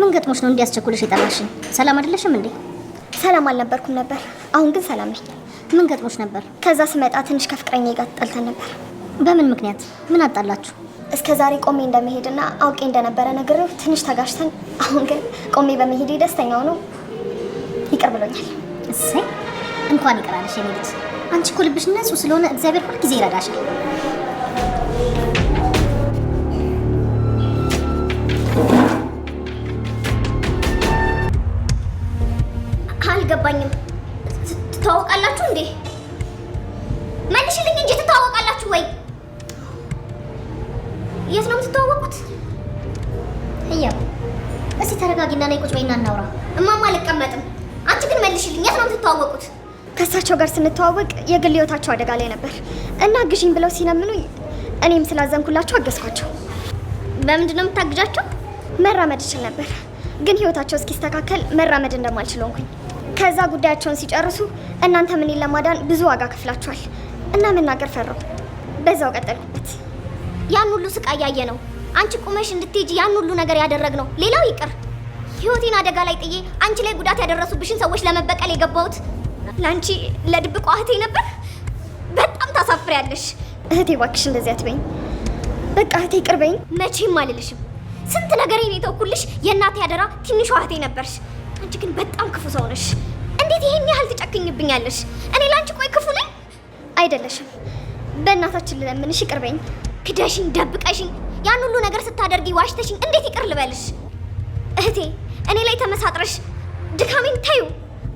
ምን ገጥሞች ነው እንዲያስቸኩልሽ የጠራሽኝ? ሰላም አይደለሽም እንዴ? ሰላም አልነበርኩም ነበር። አሁን ግን ሰላም ነኝ። ምን ገጥሞች ነበር? ከዛ ስመጣ ትንሽ ከፍቅረኛ ጋር ተጣልተን ነበር። በምን ምክንያት? ምን አጣላችሁ? እስከ ዛሬ ቆሜ እንደመሄድና አውቄ እንደነበረ ነግሬው ትንሽ ተጋሽተን፣ አሁን ግን ቆሜ በመሄድ ደስተኛ ሆኖ ይቅር ብሎኛል። እሰይ እንኳን ይቅር አለሽ የኔ ልጅ። አንቺ እኮ ልብሽ ንጹህ ስለሆነ እግዚአብሔር ሁልጊዜ ይረዳሻል። ስንተዋወቅ የግል ህይወታቸው አደጋ ላይ ነበር እና ግሽኝ ብለው ሲለምኑኝ እኔም ስላዘንኩላቸው አገዝኳቸው። በምንድን ነው የምታግዣቸው? መራመድ እችል ነበር፣ ግን ህይወታቸው እስኪስተካከል መራመድ እንደማልችል ሆንኩኝ። ከዛ ጉዳያቸውን ሲጨርሱ እናንተ ምን ለማዳን ብዙ ዋጋ ከፍላችኋል እና መናገር ፈራሁ። በዛው ቀጠልኩበት። ያን ሁሉ ስቃይ ያየ ነው አንቺ ቁመሽ እንድትሄጂ ያን ሁሉ ነገር ነው። ሌላው ይቅር ህይወቴን አደጋ ላይ ጥዬ አንቺ ላይ ጉዳት ያደረሱብሽን ሰዎች ለመበቀል የገባሁት ለአንቺ ለድብቋ እህቴ ነበር። በጣም ታሳፍሪያለሽ። እህቴ እባክሽ እንደዚህ አትበይኝ። በቃ እህቴ ቅርበኝ። መቼም አልልሽም። ስንት ነገር ነው የተውኩልሽ። የእናቴ አደራ ትንሿ እህቴ ነበርሽ። አንቺ ግን በጣም ክፉ ሰው ነሽ። እንዴት ይህን ያህል ትጨክኝብኛለሽ? እኔ ለአንቺ ቆይ ክፉ ነኝ? አይደለሽም። በእናታችን ልለምንሽ ይቅርበኝ። ክደሽኝ፣ ደብቀሽኝ፣ ያን ሁሉ ነገር ስታደርጊ ዋሽተሽኝ እንዴት ይቅር ልበልሽ? እህቴ እኔ ላይ ተመሳጥረሽ ድካሜን ታዩ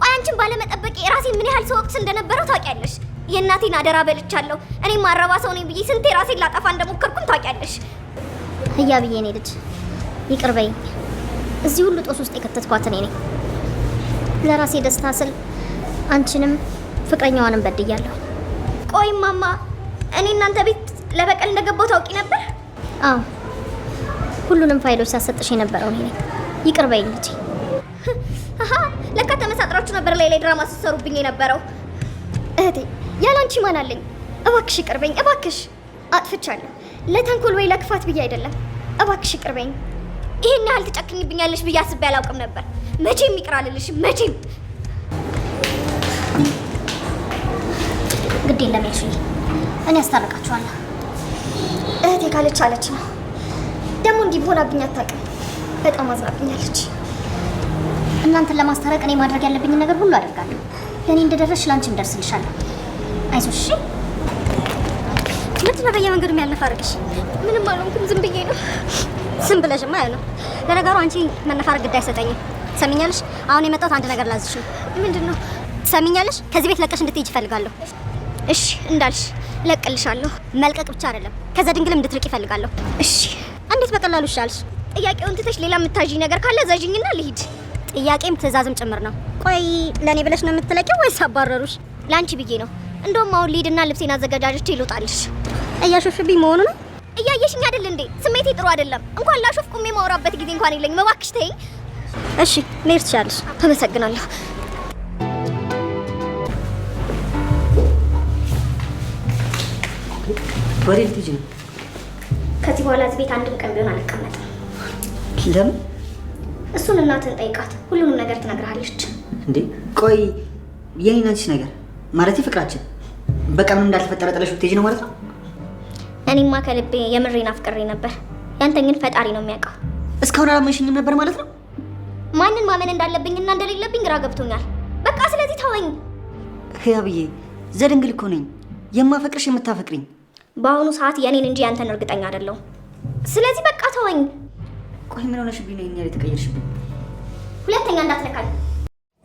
ቆይ አንቺን ባለመጠበቄ ራሴን ምን ያህል ሰው ወቅት እንደነበረው ታውቂያለሽ። የእናቴን አደራ በልቻለሁ። እኔም ማረባ ሰው ነኝ ብዬ ስንቴ ራሴን ላጠፋ እንደሞከርኩም ታውቂያለሽ። እያ ብዬ እኔ ልጅ ይቅር እዚህ ሁሉ ጦስ ውስጥ የከተትኳት እኔ ነኝ። ለራሴ ደስታ ስል አንቺንም ፍቅረኛዋንም በድያለሁ። ቆይ ማማ፣ እኔ እናንተ ቤት ለበቀል እንደገባው ታውቂ ነበር? አዎ፣ ሁሉንም ፋይሎች ሳሰጥሽ የነበረው እኔ ነኝ። ይቅር በይኝ ልጄ። አብራችሁ ነበር ላይ ድራማ ስትሰሩብኝ የነበረው። እህቴ ያላንቺ ማን አለኝ? እባክሽ ይቅርበኝ፣ እባክሽ አጥፍቻለሁ። ለተንኮል ወይ ለክፋት ብዬ አይደለም። እባክሽ ይቅርበኝ። ይሄን ያህል ትጨክኝብኛለሽ ብዬ አስቤ አላውቅም ነበር። መቼም ይቅር አልልሽም፣ መቼም ግድ የለም እኔ አስታርቃችኋለሁ። እህቴ ካለች አለች ነው። ደግሞ እንዲህ በሆናብኝ አታውቅም። በጣም አዝናብኛለች። እናንተን ለማስታረቅ እኔ ማድረግ ያለብኝን ነገር ሁሉ አደርጋለሁ። ለእኔ እንደደረስሽ ለአንቺም ደርስልሻለሁ። አይዞሽ። ምንድነው በየመንገዱ የሚያነፋርቅሽ? ምንም አልሆንኩም፣ ዝም ብዬ ነው። ዝም ብለሽማ ነው። ለነገሩ አንቺ መነፋረቅ ግድ አይሰጠኝም። ሰሚኛለሽ? አሁን የመጣሁት አንድ ነገር ላዝሽ ነው። ምንድን ነው? ሰሚኛለሽ? ከዚህ ቤት ለቀሽ እንድትሄጂ እፈልጋለሁ። እሺ እንዳልሽ ለቅልሻለሁ። መልቀቅ ብቻ አይደለም ከዛ ድንግል እንድትርቅ ይፈልጋለሁ እሺ እንዴት በቀላሉ ይሻልሽ? ጥያቄውን ትተሽ ሌላ የምታዥኝ ነገር ካለ ዘዥኝና ልሂድ። ጥያቄም ትእዛዝም ጭምር ነው። ቆይ ለእኔ ብለሽ ነው የምትለቂው ወይስ አባረሩሽ? ለአንቺ ብዬ ነው። እንደውም አሁን ልሂድና ልብሴን አዘገጃጀች ይልውጣልሽ። እያሾፍሽብኝ መሆኑ ነው? እያየሽኝ አይደል እንዴ? ስሜቴ ጥሩ አይደለም። እንኳን ላሾፍ ቁሜ ማውራበት ጊዜ እንኳን የለኝም። መባክሽ ተይኝ። እሺ መሄድ ትችያለሽ። ተመሰግናለሁ። ወዴት ልትሄጂ ነው? ከዚህ በኋላ እዚህ ቤት አንድም ቀን ቢሆን አልቀመጥም። ለምን? እሱን እናትን ጠይቃት፣ ሁሉንም ነገር ትነግርሃለች። እንዴ ቆይ የኔና አንቺስ ነገር ማለት ፍቅራችን በቃ ምን እንዳልተፈጠረ ጥለሽ ብትሄጂ ነው ማለት ነው? እኔማ ከልቤ የምሬን አፍቅሬ ነበር። ያንተ ግን ፈጣሪ ነው የሚያውቀው። እስካሁን አላመንሽኝም ነበር ማለት ነው? ማንን ማመን እንዳለብኝና እንደሌለብኝ ግራ ገብቶኛል። በቃ ስለዚህ ተወኝ። ህያብዬ ዘድንግል እኮ ነኝ የማፈቅርሽ የምታፈቅሪኝ። በአሁኑ ሰዓት የእኔን እንጂ ያንተን እርግጠኛ አይደለሁም። ስለዚህ በቃ ተወኝ። ቆይ ምን ሆነሽብኝ ነው ይሄን የተቀየርሽብኝ? ሁለተኛ እንዳትለካኝ።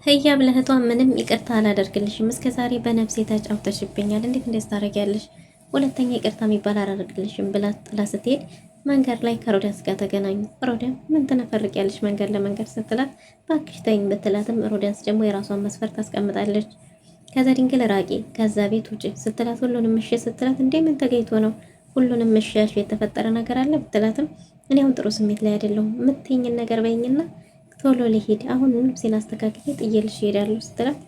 ህያብ ለእህቷ ምንም ይቅርታ አላደርግልሽም፣ እስከ ዛሬ በነፍሴ ተጫውተሽብኛል፣ እንዴት እንደዚህ ታደርጊያለሽ? ሁለተኛ ይቅርታ የሚባል አላደርግልሽም ብላ ጥላ ስትሄድ መንገድ ላይ ከሮዳስ ጋር ተገናኙ። ሮዳን ምን ትነፈልጊያለሽ መንገድ ለመንገድ ስትላት እባክሽ ተይኝ ብትላትም ሮዳንስ ደግሞ የራሷን መስፈርት ታስቀምጣለች። ከዛ ድንግል ራቂ፣ ከዛ ቤት ውጭ ስትላት ሁሉንም እሺ ስትላት እንዴ ምን ተገኝቶ ነው ሁሉንም መሻሽ የተፈጠረ ነገር አለ ብትላትም እኔ አሁን ጥሩ ስሜት ላይ አይደለሁም፣ የምትይኝን ነገር በይኝና ቶሎ ልሄድ፣ አሁን ምንም ሴን አስተካክዬ ጥዬልሽ እሄዳለሁ ስትላት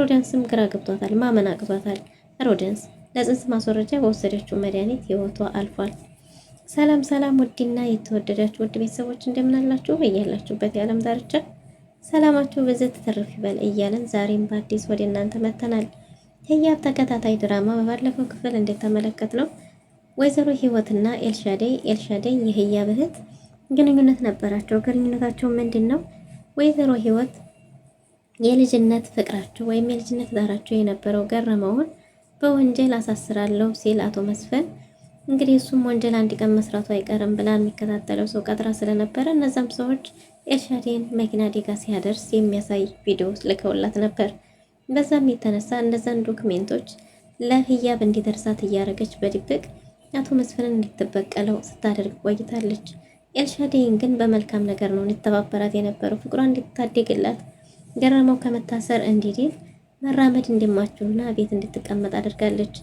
ሮዳንስም ግራ ገብቷታል፣ ማመን አቅቷታል። ሮዳንስ ለጽንስ ማስወረጃ በወሰደችው መድኃኒት ህይወቷ አልፏል። ሰላም ሰላም፣ ውድና የተወደዳችሁ ውድ ቤተሰቦች እንደምን አላችሁ? በያላችሁበት የዓለም ዳርቻ ሰላማችሁ በዘት ተተርፍ ይበል እያለን ዛሬም በአዲስ ወደ እናንተ መጥተናል። ህያብ ተከታታይ ድራማ በባለፈው ክፍል እንደተመለከት ነው ወይዘሮ ህይወትና ኤልሻዴ ኤልሻዴ የህያ እህት ግንኙነት ነበራቸው። ግንኙነታቸው ምንድን ነው? ወይዘሮ ህይወት የልጅነት ፍቅራቸው ወይም የልጅነት ዳራቸው የነበረው ገረመውን በወንጀል አሳስራለሁ ሲል አቶ መስፍን እንግዲህ እሱም ወንጀል አንድ ቀን መስራቱ አይቀርም ብላ የሚከታተለው ሰው ቀጥራ ስለነበረ እነዛም ሰዎች ኤልሻዴን መኪና አደጋ ሲያደርስ የሚያሳይ ቪዲዮ ልከውላት ነበር። በዛም የተነሳ እነዛን ዶክሜንቶች ለህያብ እንዲደርሳት እያደረገች በድብቅ አቶ መስፍንን እንድትበቀለው ስታደርግ ቆይታለች። ኤልሻዴይን ግን በመልካም ነገር ነው እንድተባበራት የነበረው ፍቅሯ እንድታደግላት ገረመው ከመታሰር እንዲድል መራመድ እንደማችልና ቤት እንድትቀመጥ አድርጋለች።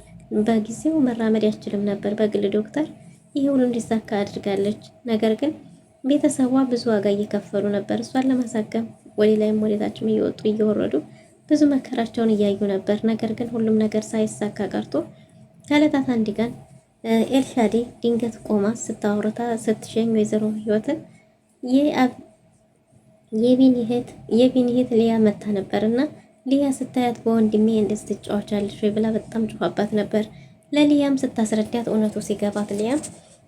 በጊዜው መራመድ ያችልም ነበር በግል ዶክተር ይህ ሁሉ እንዲሳካ አድርጋለች። ነገር ግን ቤተሰቧ ብዙ ዋጋ እየከፈሉ ነበር እሷን ለማሳከም ወደ ላይም ወደታችም እየወጡ እየወረዱ ብዙ መከራቸውን እያዩ ነበር። ነገር ግን ሁሉም ነገር ሳይሳካ ቀርቶ ከዕለታት አንድ ቀን ኤልሻዴ ድንገት ቆማ ስታወርታ ስትሸኝ ወይዘሮ ህይወትን የቢኒ እህት ሊያ መታ ነበር እና ሊያ ስታያት በወንድሜ እንደስትጫዋቻለች ወይ ብላ በጣም ጮኻባት ነበር። ለሊያም ስታስረዳት እውነቱ ሲገባት ሊያም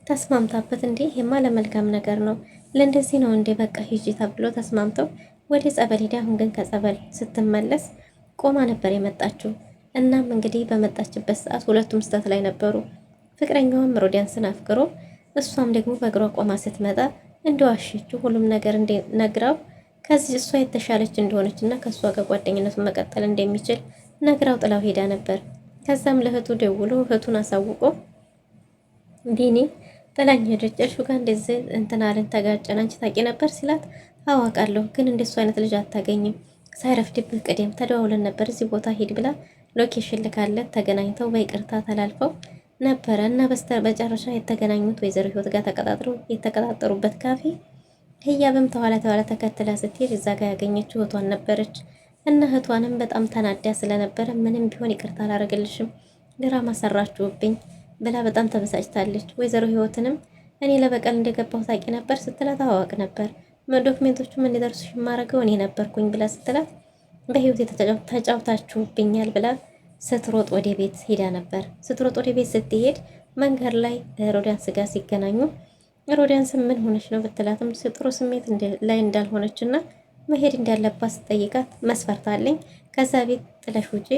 ተስማምታበት እንዴ ይሄማ ለመልካም ነገር ነው ለእንደዚህ ነው እንዴ በቃ ሂጂ ተብሎ ተስማምተው ወደ ጸበል ሄዳ አሁን ግን ከጸበል ስትመለስ ቆማ ነበር የመጣችው። እናም እንግዲህ በመጣችበት ሰዓት ሁለቱም ስተት ላይ ነበሩ። ፍቅረኛውም ሮዲያንስን አፍቅሮ እሷም ደግሞ በእግሯ ቆማ ስትመጣ እንደዋሸችው ሁሉም ነገር ነግራው ከዚህ እሷ የተሻለች እንደሆነች እና ከእሷ ጋር ጓደኝነቱን መቀጠል እንደሚችል ነግራው ጥላው ሄዳ ነበር። ከዛም ለእህቱ ደውሎ እህቱን አሳውቆ ቢኒ ጥላኝ ሄደች፣ እርሹ ጋር እንደዚህ እንትናልን ተጋጨን፣ አንቺ ታውቂ ነበር ሲላት አዋቃለሁ፣ ግን እንደሱ አይነት ልጅ አታገኝም፣ ሳይረፍድብህ ቅደም፣ ተደዋውለን ነበር እዚህ ቦታ ሂድ ብላ ሎኬሽን ልካለት ተገናኝተው በይቅርታ ተላልፈው ነበረ እና በስተ መጨረሻ የተገናኙት ወይዘሮ ህይወት ጋር ተቀጣጥሮ የተቀጣጠሩበት ካፌ ህያብም ተኋላ ተኋላ ተከትላ ስትሄድ እዛ ጋር ያገኘችው እህቷን ነበረች እና እህቷንም በጣም ተናዳ ስለነበረ ምንም ቢሆን ይቅርታ አላረግልሽም ድራማ ሰራችሁብኝ ብላ በጣም ተበሳጭታለች። ወይዘሮ ህይወትንም እኔ ለበቀል እንደገባው ታውቂ ነበር ስትላት አዋቅ ነበር ዶክሜንቶቹም እንዲደርሱሽ የማደርገው እኔ ነበርኩኝ ብላ ስትላት በህይወት ተጫውታችሁብኛል ብላ ስትሮጥ ወደ ቤት ሄዳ ነበር። ስትሮጥ ወደ ቤት ስትሄድ መንገድ ላይ ሮዳንስ ጋር ሲገናኙ ሮዳንስ ምን ሆነች ነው ብትላትም ጥሩ ስሜት ላይ እንዳልሆነች እና መሄድ እንዳለባት ስጠይቃት መስፈርት አለኝ ከዛ ቤት ጥለሽ ውጪ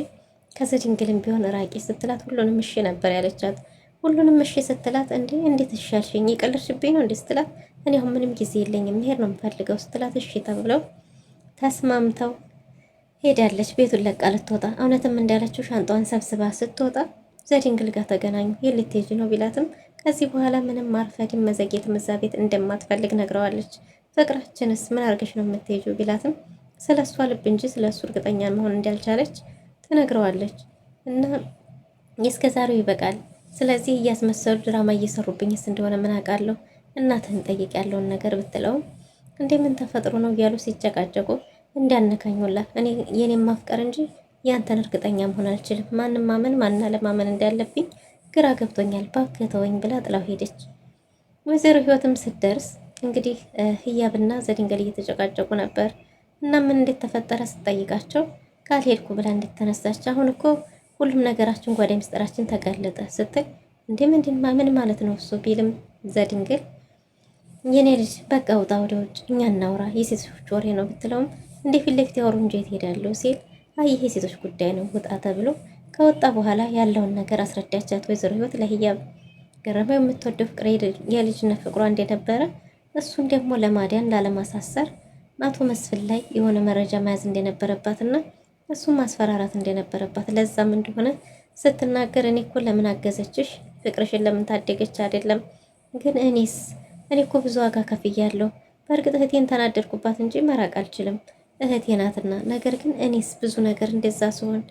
ከዚህ ድንግልም ቢሆን ራቂ ስትላት ሁሉንም እሺ ነበር ያለቻት። ሁሉንም እሺ ስትላት እንዴ እንዴት እሻልሽኝ የቀለድሽብኝ ነው እንዴ ስትላት እኔ አሁን ምንም ጊዜ የለኝም መሄድ ነው የምፈልገው ስትላት እሺ ተብለው ተስማምተው ሄዳለች። ቤቱን ለቃ ልትወጣ እውነትም እንዳለችው ሻንጣዋን ሰብስባ ስትወጣ ዘድንግል ጋር ተገናኙ። የልትሄጂ ነው ቢላትም ከዚህ በኋላ ምንም ማርፈድም መዘግየትም እዛ ቤት እንደማትፈልግ ነግረዋለች። ፍቅራችንስ ምን አርገሽ ነው የምትሄጂው ቢላትም ስለ እሷ ልብ እንጂ ስለ እሱ እርግጠኛ መሆን እንዳልቻለች ትነግረዋለች። እና እስከ ዛሬው ይበቃል። ስለዚህ እያስመሰሉ ድራማ እየሰሩብኝስ እንደሆነ ምን አውቃለሁ፣ እናትህን ጠይቅ ያለውን ነገር ብትለውም እንደምን ተፈጥሮ ነው እያሉ ሲጨቃጨቁ እንዳነካኝ እኔ የኔም ማፍቀር እንጂ ያንተን እርግጠኛ መሆን አልችልም። ማንም ማመን ማንና ለማመን እንዳለብኝ ግራ ገብቶኛል፣ ባክተወኝ ብላ ጥላው ሄደች። ወይዘሮ ህይወትም ስትደርስ እንግዲህ ህያብና ዘድንገል እየተጨቃጨቁ ነበር እና ምን እንዴት ተፈጠረ ስጠይቃቸው ካልሄድኩ ብላ እንዴት ተነሳች? አሁን እኮ ሁሉም ነገራችን ጓዳ ምስጢራችን ተጋለጠ ስትል እንዴ ምንድን ምን ማለት ነው እሱ ቢልም ዘድንግል የኔ ልጅ በቃ ውጣ ወደ ውጭ እኛ እናውራ የሴቶች ወሬ ነው ብትለውም እንዴ ፊት ለፊት ያወሩ እንጂ የት ሄዳለሁ ሲል አይ ይሄ ሴቶች ጉዳይ ነው ውጣ ተብሎ ከወጣ በኋላ ያለውን ነገር አስረዳቻት። ወይዘሮ ህይወት ለህያ ገረመው የምትወደው ፍቅር የልጅነት ፍቅሯ እንደነበረ እሱን ደግሞ ለማዳን ላለማሳሰር አቶ መስፍን ላይ የሆነ መረጃ መያዝ እንደነበረባትና እሱን ማስፈራራት እንደነበረባት ለዛም እንደሆነ ስትናገር እኔ እኮ ለምን አገዘችሽ ፍቅርሽን ለምን ታደገች አይደለም ግን እኔስ እኔ እኮ ብዙ ዋጋ ከፍያለሁ በእርግጥ እህቴን ተናደድኩባት እንጂ መራቅ አልችልም እህቴ ናትና፣ ነገር ግን እኔስ ብዙ ነገር እንደዛ ሲሆን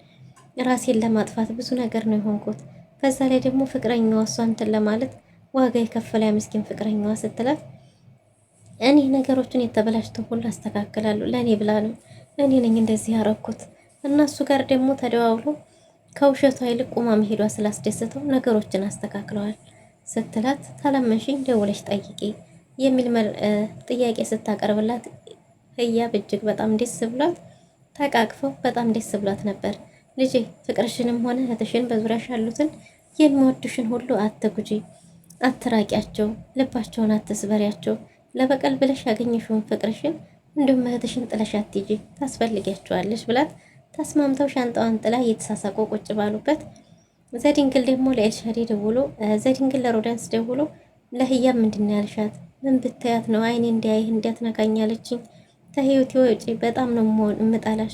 ራሴን ለማጥፋት ብዙ ነገር ነው የሆንኩት። በዛ ላይ ደግሞ ፍቅረኛዋ እሷ እንትን ለማለት ዋጋ የከፈለ ምስኪን ፍቅረኛዋ ስትላት እኔ ነገሮችን የተበላሽተው ሁሉ አስተካክላለሁ ለእኔ ብላ ነው እኔ ነኝ እንደዚህ ያረኩት። እነሱ ጋር ደግሞ ተደዋውሎ ከውሸቷ ይልቅ ቁማ መሄዷ ስላስደሰተው ነገሮችን አስተካክለዋል ስትላት፣ ካላመንሽኝ ደውለሽ ጠይቂ የሚል ጥያቄ ስታቀርብላት ህያብ እጅግ በጣም ደስ ብሏት ተቃቅፈው በጣም ደስ ብሏት ነበር። ልጄ ፍቅርሽንም ሆነ እህትሽን በዙሪያሽ ያሉትን የሚወዱሽን ሁሉ አትጉጂ፣ አትራቂያቸው፣ ልባቸውን አትስበሪያቸው። ለበቀል ብለሽ ያገኘሽውን ፍቅርሽን እንዲሁም እህትሽን ጥለሽ አትጂ፣ ታስፈልጊያቸዋለሽ ብላት ተስማምተው ሻንጣዋን ጥላ እየተሳሳቁ ቁጭ ባሉበት ዘድንግል ደግሞ ለኤልሻዴ ደውሎ ዘድንግል ለሮዳንስ ደውሎ ለህያብ ምንድን ያልሻት ምን ብታያት ነው አይኔ እንዲያይህ እንዲያትነካኛለችኝ ከህይወቴ ውጪ በጣም ነው መሆን የምጠላሽ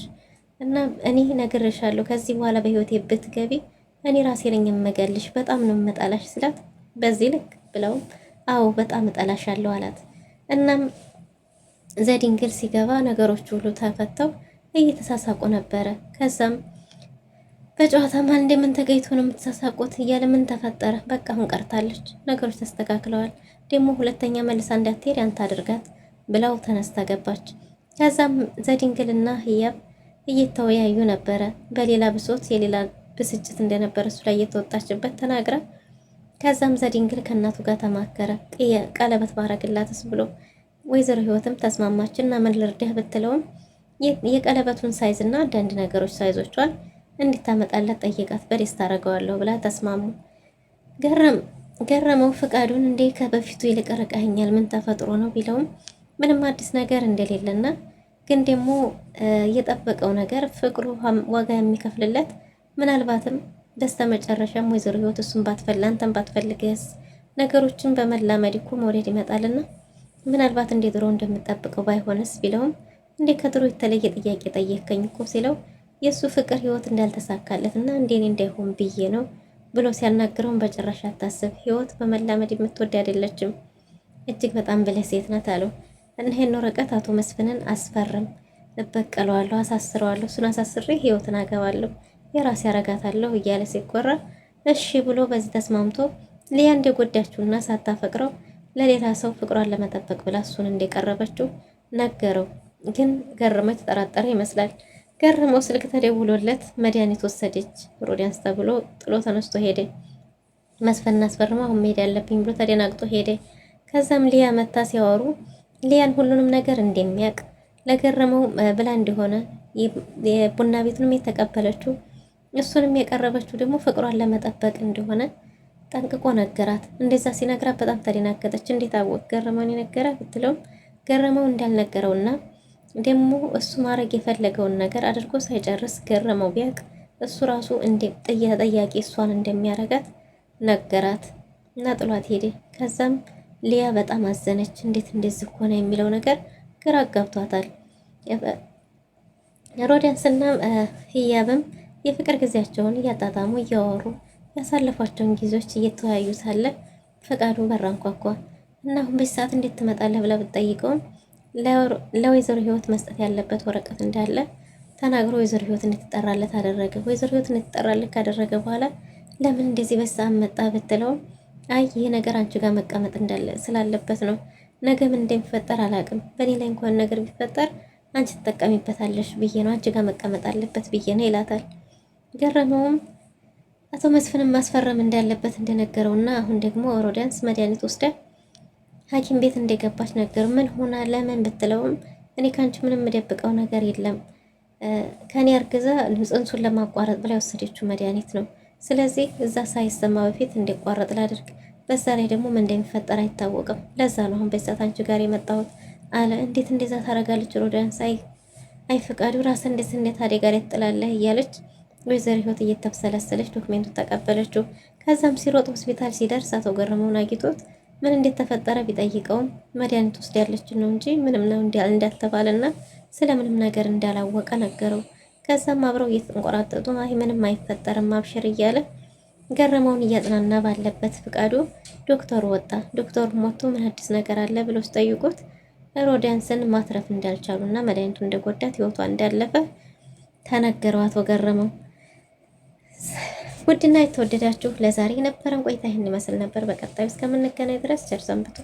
እና እኔ ነግሬሻለሁ፣ ከዚህ በኋላ በህይወቴ ብትገቢ እኔ ራሴ ነኝ የምገልሽ፣ በጣም ነው የምጠላሽ ስላት በዚህ ልክ ብለውም አዎ በጣም እጠላሻለሁ አላት። እናም ዘድንግል ሲገባ ነገሮች ሁሉ ተፈተው እየተሳሳቁ ነበረ። ከዛም በጨዋታ ማን እንደምን ተገኝቶ ነው የምትሳሳቁት እያለ ምን ተፈጠረ፣ በቃ አሁን ቀርታለች፣ ነገሮች ተስተካክለዋል፣ ደግሞ ሁለተኛ መልሳ እንዳትሄድ ያንተ አድርጋት ብለው ተነስታ ገባች። ከዛም ዘድንግልና ህያብ እየተወያዩ ነበረ። በሌላ ብሶት የሌላ ብስጭት እንደነበረ እሱ ላይ እየተወጣችበት ተናግራ ከዛም ዘድንግል ከእናቱ ጋር ተማከረ። ቀለበት ባረግላትስ ብሎ ወይዘሮ ህይወትም ተስማማች እና ምን ልርዳህ ብትለውም የቀለበቱን ሳይዝ እና አንዳንድ ነገሮች ሳይዞቿን እንድታመጣላት ጠየቃት። በደስታ አደርገዋለሁ ብላ ተስማሙ። ገረም ገረመው ፍቃዱን እንዴ ከበፊቱ ይልቅ ርቀኸኛል ምን ተፈጥሮ ነው ቢለውም ምንም አዲስ ነገር እንደሌለና ግን ደግሞ የጠበቀው ነገር ፍቅሩ ዋጋ የሚከፍልለት ምናልባትም በስተ መጨረሻም ወይዘሮ ህይወት እሱን ባትፈል አንተን ባትፈልገስ ነገሮችን በመላመድ እኮ መውደድ ይመጣልና ምናልባት እንደ ድሮ እንደምጠብቀው ባይሆንስ ቢለውም እንዴ ከድሮ የተለየ ጥያቄ ጠየከኝ እኮ ሲለው የእሱ ፍቅር ህይወት እንዳልተሳካለት እና እንዴኔ እንዳይሆን ብዬ ነው ብሎ ሲያናግረውን በጭራሽ አታስብ፣ ህይወት በመላመድ የምትወድ አይደለችም፣ እጅግ በጣም ብለ ሴት ናት አለው። እነሄን ወረቀት አቶ መስፍንን አስፈርም፣ እበቀለዋለሁ፣ አሳስረዋለሁ፣ እሱን አሳስሬ ህይወትን አገባለሁ፣ የራሴ አረጋታለሁ እያለ ሲኮራ እሺ ብሎ በዚህ ተስማምቶ ሊያ እንደጎዳችውና ሳታፈቅረው ለሌላ ሰው ፍቅሯን ለመጠበቅ ብላ እሱን እንደቀረበችው ነገረው። ግን ገርሞ የተጠራጠረ ይመስላል። ገርሞ ስልክ ተደውሎለት መድኃኒት ወሰደች ሮዲያንስ ተብሎ ጥሎ ተነስቶ ሄደ። መስፈን አስፈርማ አሁን መሄድ ያለብኝ ብሎ ተደናግጦ ሄደ። ከዛም ሊያ መታ ሲያወሩ ሊያን ሁሉንም ነገር እንደሚያውቅ ለገረመው ብላ እንደሆነ የቡና ቤቱንም የተቀበለችው እሱንም የቀረበችው ደግሞ ፍቅሯን ለመጠበቅ እንደሆነ ጠንቅቆ ነገራት። እንደዛ ሲነግራት በጣም ተደናገጠች። እንዴት አወቅ ገረመውን የነገረ ብትለውም ገረመው እንዳልነገረውና ደግሞ እሱ ማድረግ የፈለገውን ነገር አድርጎ ሳይጨርስ ገረመው ቢያቅ እሱ ራሱ ጠያቂ እሷን እንደሚያረጋት ነገራት እና ጥሏት ሄደ። ከዛም ሊያ በጣም አዘነች። እንዴት እንደዚህ ሆነ የሚለው ነገር ግራ አጋብቷታል። ሮዳስና ህያብም የፍቅር ጊዜያቸውን እያጣጣሙ እያወሩ ያሳለፏቸውን ጊዜዎች እየተወያዩ ሳለ ፈቃዱ በር አንኳኳ እና አሁን በዚህ ሰዓት እንዴት ትመጣለህ ብላ ብትጠይቀውም ለወይዘሮ ህይወት መስጠት ያለበት ወረቀት እንዳለ ተናግሮ ወይዘሮ ህይወት እንድትጠራለት አደረገ። ወይዘሮ ህይወት እንድትጠራለት ካደረገ በኋላ ለምን እንደዚህ በዚህ ሰዓት መጣ ብትለውም አይ ይሄ ነገር አንቺ ጋር መቀመጥ እንዳለ ስላለበት ነው። ነገ ምን እንደሚፈጠር አላውቅም። በእኔ ላይ እንኳን ነገር ቢፈጠር አንቺ ትጠቀሚበታለሽ ብዬ ነው አንቺ ጋር መቀመጥ አለበት ብዬ ነው ይላታል። ገረመውም አቶ መስፍንም ማስፈረም እንዳለበት እንደነገረውና አሁን ደግሞ ሮዳንስ መድኃኒት ወስደ ሐኪም ቤት እንደገባች ነገር ምን ሆና ለምን ብትለውም እኔ ከአንቺ ምንም የምደብቀው ነገር የለም ከኔ አርግዛ ጽንሱን ለማቋረጥ ብላ የወሰደችው መድኃኒት ነው ስለዚህ እዛ ሳይሰማ በፊት እንዲቋረጥ ላድርግ። በዛ ላይ ደግሞ ምን እንደሚፈጠር አይታወቅም። ለዛ ነው አሁን በዛት አንቺ ጋር የመጣሁት አለ። እንዴት እንደዛ ታረጋለች? ሮዳን ሳይ አይፈቃዱ ራስ እንዴት እንዴት አደ ጋር ትጥላለህ? እያለች ወይዘሮ ህይወት እየተብሰለሰለች ዶክሜንቱን ተቀበለችው። ከዛም ሲሮጥ ሆስፒታል ሲደርስ አቶ ገረመውን አግኝቶት ምን እንዴት ተፈጠረ ቢጠይቀውም መድኃኒት ወስዳለች ነው እንጂ ምንም ነው እንዳልተባለና ስለምንም ነገር እንዳላወቀ ነገረው። ከዛም አብረው እየተንቆራጠጡ አይ ምንም አይፈጠርም አብሽር እያለ ገረመውን እያጽናና ባለበት ፍቃዱ ዶክተሩ ወጣ። ዶክተሩ ሞቶ ምን አዲስ ነገር አለ ብሎ ሲጠይቁት ሮዳንስን ማትረፍ እንዳልቻሉና መድኃኒቱ እንደጎዳት ህይወቷ እንዳለፈ ተነገረው አቶ ገረመው። ውድና የተወደዳችሁ ለዛሬ የነበረን ቆይታ ይህን ይመስል ነበር። በቀጣዩ እስከምንገናኝ ድረስ ቸር ሰንብቱ።